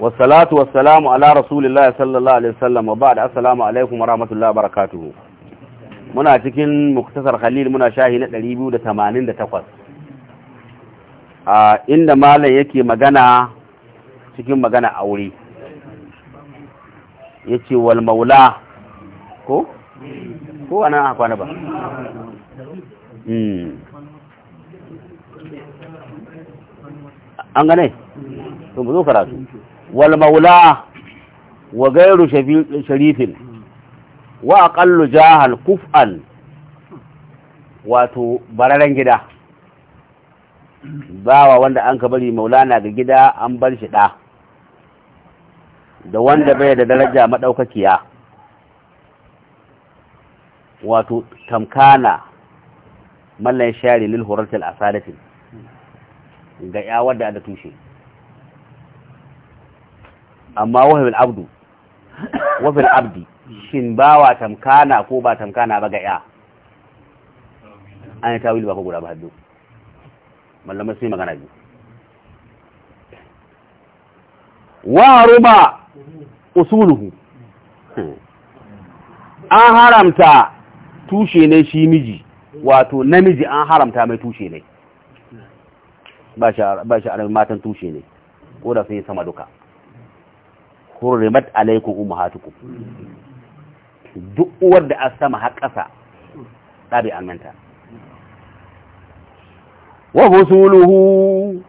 wasalatu wasalamu ala rasulillahi sallallahu alaihi wasallam wa da assalamu alaikum wa rahmatullahi wa barakatuh muna cikin muktasar khalil muna shahi na 288 a inda malam yake magana cikin magana aure yace wal maula ko ko ana aka kwana ba hmm. an gane to mu zo karatu Walmaula maula wa gairu sharifin wa aqallu jahan kuf'an wato bararen gida bawa wanda an ka bari maulana ga gida an bar shi ɗa da wanda bai da daraja maɗaukakiya wato tamkana mallan shari lil huratul asadatin ga ya wadda da tushe amma wahil abdu wafin abdi shin ba wa tamkana ko ba tamkana ba ga ya an yi tawil ba ko guda ba haddo mallamai sun yi magana biyu wa ruba usuluhu an haramta tushe ne shi miji wato namiji an haramta mai tushe ne ba shi matan tushe ne ko da sun yi sama duka hurrimat alaikum ummahatukum duk uwar da an sama har ƙasa ɗabi amanta wa husuluhu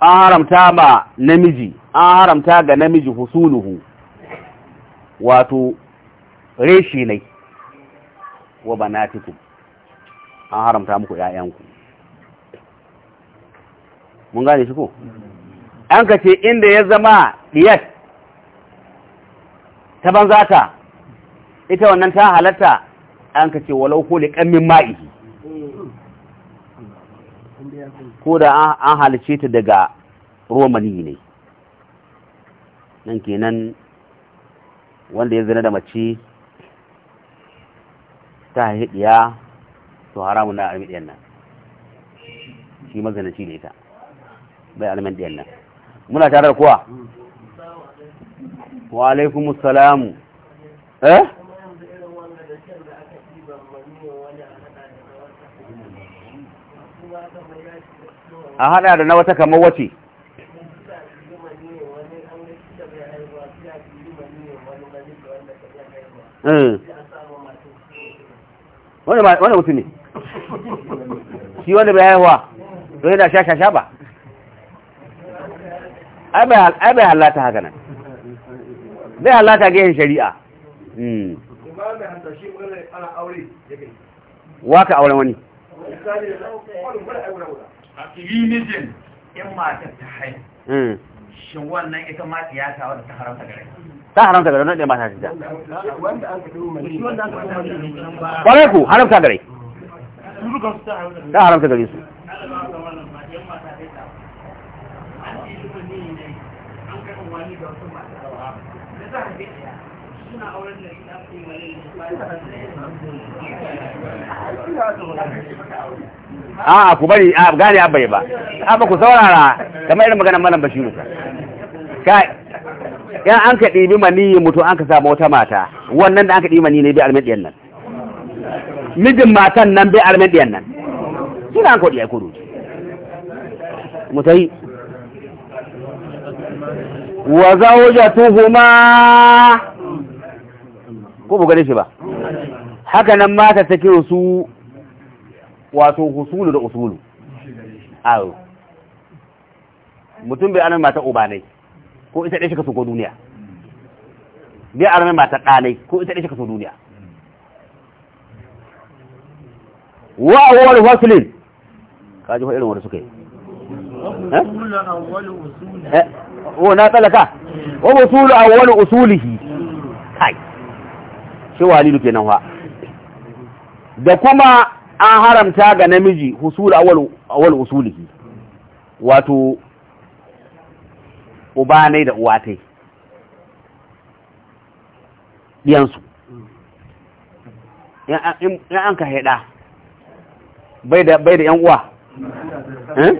an haramta ma namiji an haramta ga namiji husuluhu wato reshi ne wa banatikum an haramta muku ‘ya'yanku mun gane shi ko an ka ce inda ya zama diyat ta banza ta ita wannan ta halatta an ka ce walau ko liƙan ma'i ko da an halice ta daga romani ne nan kenan wanda ya zina da mace ta ɗiya, to haramun na almin ɗiyan nan shi mazanaci ne ta bai almin ɗiyan nan muna tare da kuwa? wa alaikum salamu eh a hada da na wata kamar wace eh. wani mutum ne shi wanda bai haihuwa don yana sha sha sha ba ai bai halata haka nan bai halata gehen shari'a hmm. wa ka auren wani hmm. ta haramta gare ta ɗaya ba ta ƙwarai ku haramta gare ta haramta gare su a ku bari a gane bai ba a ba ku saurara kamar irin maganar malam bashiru ka ya an ka ɗibi maniyi mutu an ka samu wata mata wannan da an ka ɗibi maniyi ne bai almediyan nan mijin matan nan bai almediyan nan suna an kwaɗi a kudu mutai wa zaujatuhuma ko bu gane shi ba haka nan mata take su wato husulu da usulu ayo mutum bai anan mata ubanai ko ita ɗaya shi ka so duniya bai anan mata ɗanai ko ita ɗaya shi ka so duniya wa wani wasulin kaji ji irin wanda suka yi eh, eh oh, na tsalaka wa usulu awwal usulihi kai sai walidu kenan fa da kuma an haramta ga namiji husul awal awal usulihi wato uba ne da uwa tai diyansu in an ka haida bai da bai da yan uwa eh?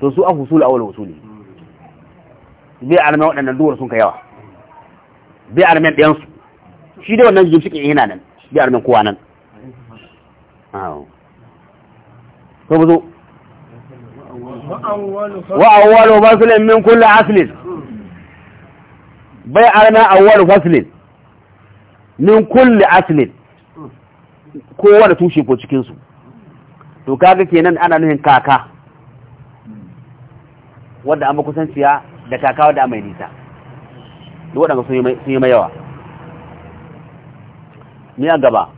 to su a husul awal usulihi bi arme waɗannan duwar sun ka yawa bi arme ɗiyansu shi da wannan ginshikin yana nan bi armin kowa nan ko buzo faslin min kulli aslin bai arna awwalu faslin min kulli aslin kowa da tushe ko cikinsu to kaga kenan ana nuhin kaka wadda an kusanciya da kaka wadda an mai nisa duk waɗanda sun yi mai yawa miya gaba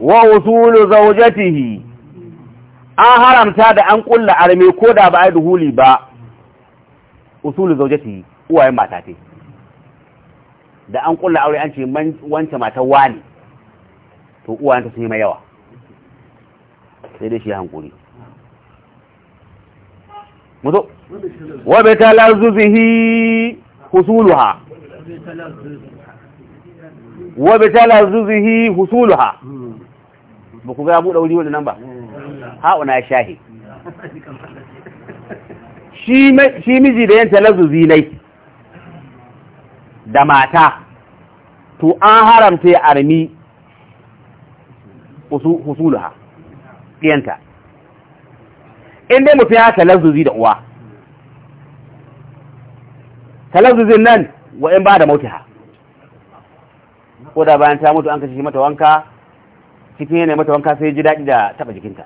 wa usulu zawjatihi an haramta da an kulla arme ko da ba a duhuli ba usulu zawjatihi uwaye mata te da an kulla aure an ce wancan mata wani to ta sun yi mai yawa sai dai shi hankuri mutu wa bi talazzuzihi husuluha wa bi talazzuhi husuluha ba ku ga buɗe wuri wannan ba ha'una shahi shi miji da yanta lazuzi nai da mata to an haramta ya armi yanta. ɗiyanta inda mutum ya talazuzi da uwa talazuzin nan wa'in ba da mautiha ko da bayan ta mutu an kashe mata wanka cikin yanayi mata wanka sai ji daɗi da taɓa jikinta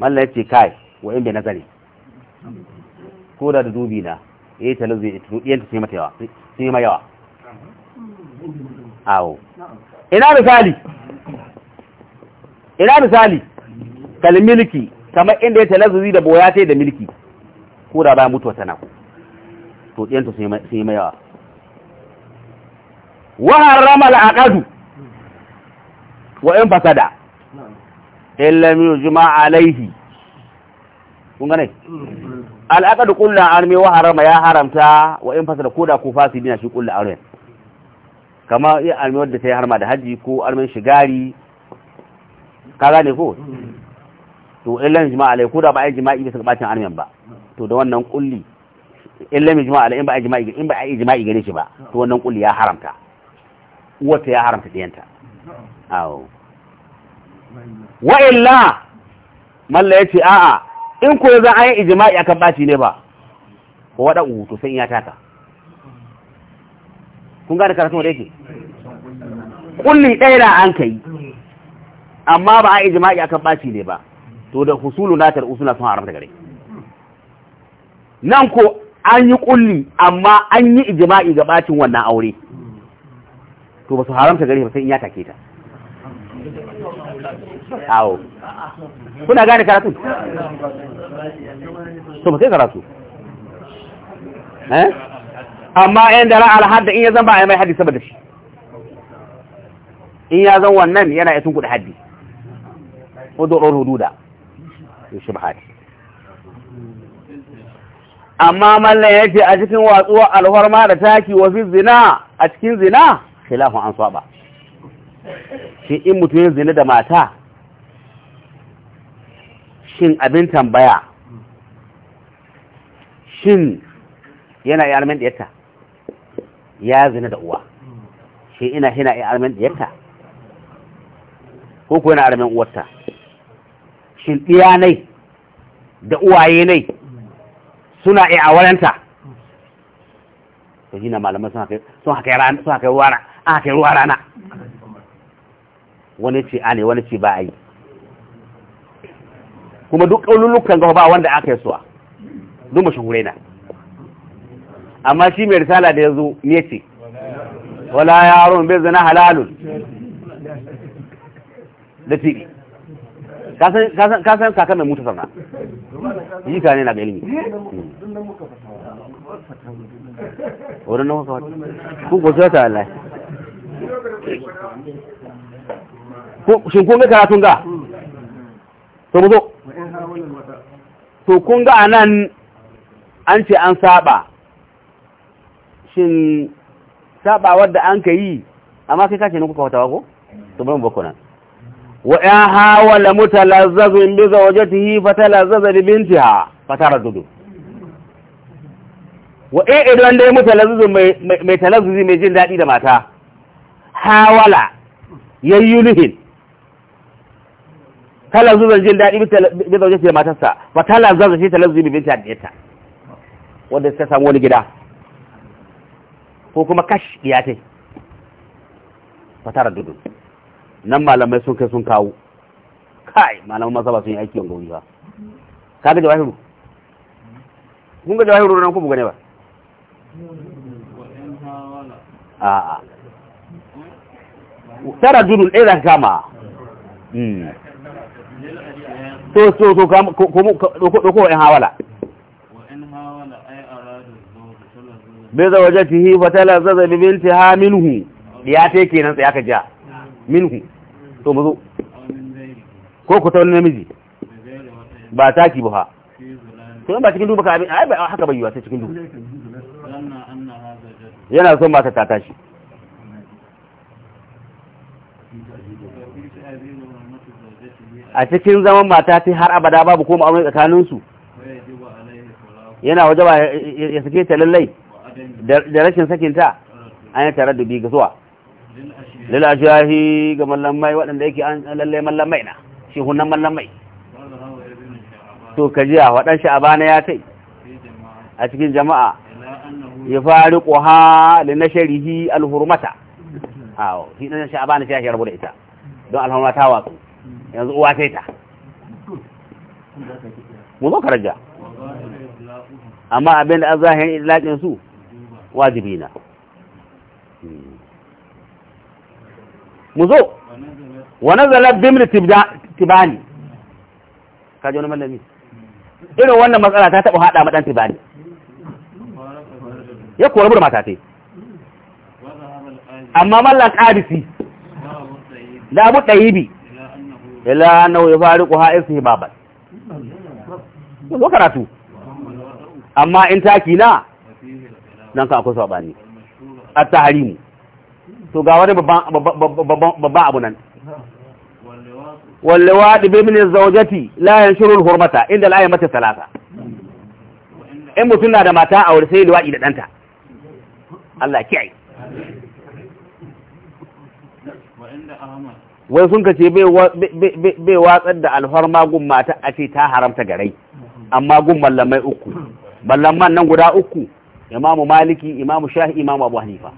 mallan ya ce kai wa inda na nazari ko da da dubi na ya yi talazu ya yanta sai mata yawa sai ma yawa awo ina misali ina misali kalmilki kamar inda ya talazuzi da boya sai da milki ko da bayan mutuwa tana ku to ɗiyanta sai ma yawa wa harrama al wa in fasada illa min juma alayhi kun gane al-aqd kullu armi wa harama ya haramta wa in fasada koda ko fasidi na shi kullu armi kama ya armi wanda ta yi harma da haji ko armin shigari ka gane ko to illa min juma alayhi koda ba ai jima'i bisa gabatin armin ba to da wannan kulli illa min juma alayhi in ba ai jima'i in ba ai jima'i gare shi ba to wannan kulli ya haramta wata ya haramta ɗiyanta awo wa illa malla ya ce a'a in kuwa za a yi ijima'i akan ɓaci ne ba ko waɗa uto sai in ya taka kun gane karatun wadda yake kulli ɗaya da an kai amma ba a yi ijima'i akan ɓaci ne ba to da husulu na tar'u suna sun haramta gare nan ko an yi kulli amma an yi ijima'i ga ɓacin wannan aure to ba su haramta gare ba sai in ya take ta awo kuna gane karatu to ba sai karatu eh amma yan da ra'al hadda in ya zan ba a mai haddi saboda shi in ya zan wannan yana ya tunkuɗa haddi wadoron hududa to shi ba amma mallan ya ce a cikin watsuwa alhorma da taki wa fi zina a cikin zina khilafun an saba shi in mutum ya zina da mata shin abin tambaya shin yana iya almin diyata ya zina da uwa shi ina hina iya almin diyata ko kuwa yana almin uwarta shin ɗiya nai da uwaye nai suna iya awaranta ko shi na malamai sun haka yi wara a yi ruwa rana wani ce a ne wani ce ba a yi kuma duk ƙaunulukan gaba wanda aka yi suwa duk hure na amma shi mai risala da ya zo ne ce wala yaron bai zana halalun da tiɗi kasan kakan mai mutu sana yi ka ne na gani ilimi hmm. wurin kuma kuka wata kun Allah shin kun ga karatun ga to mu zo to kun ga anan an ce an saba shin saba wadda an ka yi amma kai kace ne kuka fatawa ko to bari mu bako nan wa ya hawala mutalazzazu bi zawjatihi fatalazzaza bi bintiha fataradudu wa eh idan e, dai mutalazzazu mai mai talazzuzi mai jin dadi da mata hawala yi yulihin kala zan jin daɗi bi zaune ce matarsa ba talazu zaza shi talazu bi binta da yata wanda suka samu wani gida ko kuma kash ya tai fatara dudu nan malamai sun kai sun kawo kai malamai masa ba sun yi aiki wanga wuri ba kaga jawahiru kun ga jawahiru nan ku buga ne ba a'a tara dudul ɗaya za ka kama so so so ɗauko wa ‘yan hawala bai za waje fi hifa tala zaza bibin ta ha minhu ya ta yake nan tsaye aka ja minhu to mu zo ko ku ta namiji ba taki ba ha to ba cikin duba ka abin ai ba haka bayuwa yiwa sai cikin duba yana son ba ta tata shi a cikin zaman mata ta har abada babu koma aure tsakaninsu yana waje ba ya sake ta lallai da rashin sakinta an yi tare da biyu ga zuwa lilashahi ga mallamai waɗanda yake an lallai mallamai na shi hunan mallamai to kajiya waɗan sha'abana ya kai a cikin jama'a ya fari ƙoha da na sharihi alhurmata a shi ɗan shi ya shi rabu da ita don alhurmata watsu yanzu uwa sai ta mu zo karaja amma abin da zahirin idlaƙin su wajibi na hmm. mu zo wani zalar bimri tibani kaji wani mallami irin wannan matsala ta taɓa haɗa maɗan tibani ya kuwa bur mata amma mallan ƙarisi da abu ɗayibi ila annahu yubariquha ismi babat karatu amma in taki na nan ka kusa bani at-tahrim to ga wani babban abu nan wallawadi bi min zawjati la yanshuru al-hurmata inda al-aya mata salasa in mutun na da mata a wuri sai liwadi da danta Allah ki wa inda ahmad wai sun kace bai watsar da alfarma magun mata a ce ta haramta garai amma gun mallamai uku mallaman nan guda uku imamu maliki imamu shahi imamu abu hanifa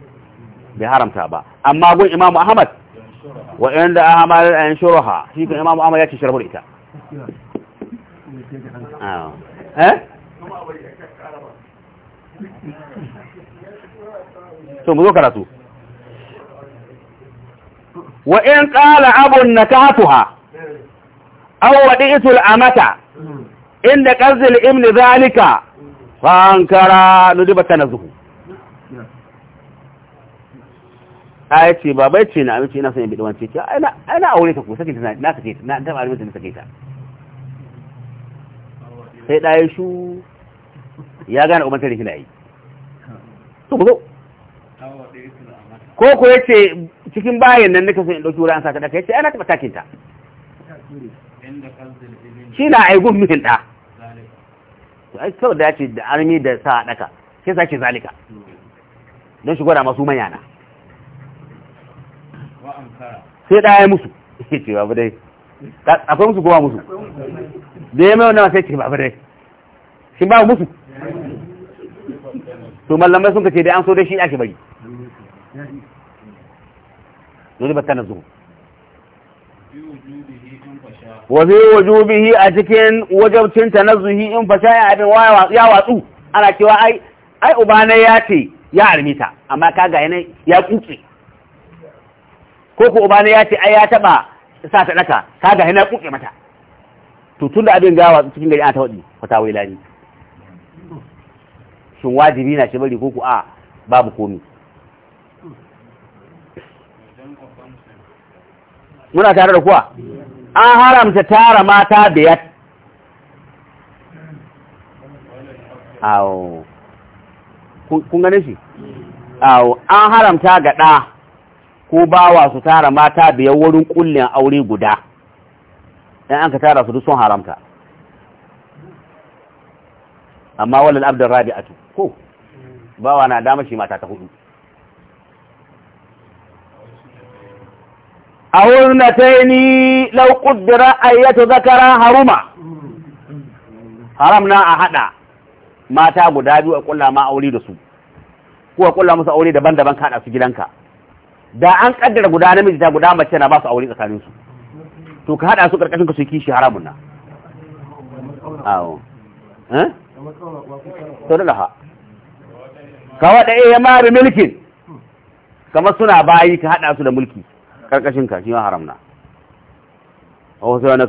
bai haramta ba amma gun imamu ahmad wa inda ahmad an shuruha shi kan imamu ahmad ya ce sharhul ita so ah. eh? mu zo karatu wa in qala abun nakatuha aw wadi'tul amata inda qazil ibn zalika fa ankara nudiba tanazuhu ai ce babai ce na amince ina son yin bidwan ce ai na ai na aure ta ku sakin ta na sake ta na ta aure ta na sake ta sai dai shu ya gane umar ta shi na yi to ku zo ko ko yace cikin bayan nan nika sai in dauki wurin saka daka yace ana taba takin ta shi na aigun mihin da to ai sau da yace da armi da sa daka sai ke zalika don shi gwada masu manya na sai da ya musu ce babu dai akwai musu kowa musu da ya mai wannan sai ce babu dai shi ba musu to mallamai sun kace dai an so dai shi ake bari yanzu ba tana zuwa wa fi wujubihi a cikin wajabcin tanazzuhi in fasha ya abin ya watsu ana cewa ai ai ubana ya ce ya armita amma ka ga yana ya kuke. ko ko ubana ya ce ai ya taba sa ta daka ga yana kuke mata to tunda abin ga watsu cikin gari ana ta wadi fata wailani shin wajibi na shi bari kuku a babu komi muna tare da kuwa an haramta tara mata biyar awo kun gane shi awo an haramta ga ɗa ko bawa su tara mata biyar wurin ƙullin aure guda dan an ka tara su duk sun haramta amma walal abdar rabi'atu ko bawa na dama shi mata ta hudu a wurin da ta yi ayyata zakara haruma haram na a haɗa mata guda biyu a kulla ma aure da su ko a kulla musu aure daban-daban kaɗa su gidanka da an kaddara guda namiji ta guda mace na ba su aure tsakaninsu to ka haɗa su ƙarƙashin ka su kishi haramun na awo eh sulaha ka wada ya mari milkin kamar suna bayi ka hada su da mulki karkashin ka shi ma haramna wa wasu wani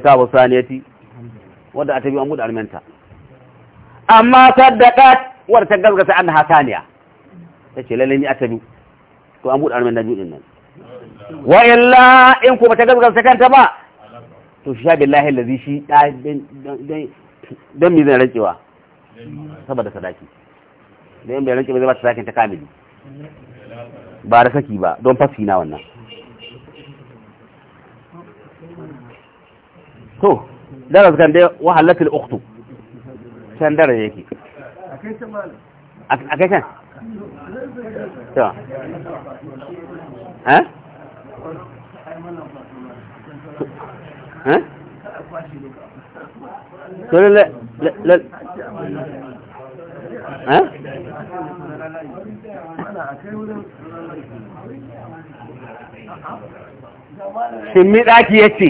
ka wasu wani yati wadda a tabi an gudu almenta amma saddaƙat wadda ta gazgata an hataniya ta ce lalle ni a tabi to an buɗe almenta juɗin nan wa illa in ba ta gazgata kanta ba to shi sha billahi lazi shi don mi zai rancewa saboda sadaki da yan bai rance ba zai ba sadakin ta kamili ba da saki ba don fasi na wannan to daras kan dai wahalatul ukhtu can dara yake a kai can to eh eh to eh? shimmi ɗaki ya ce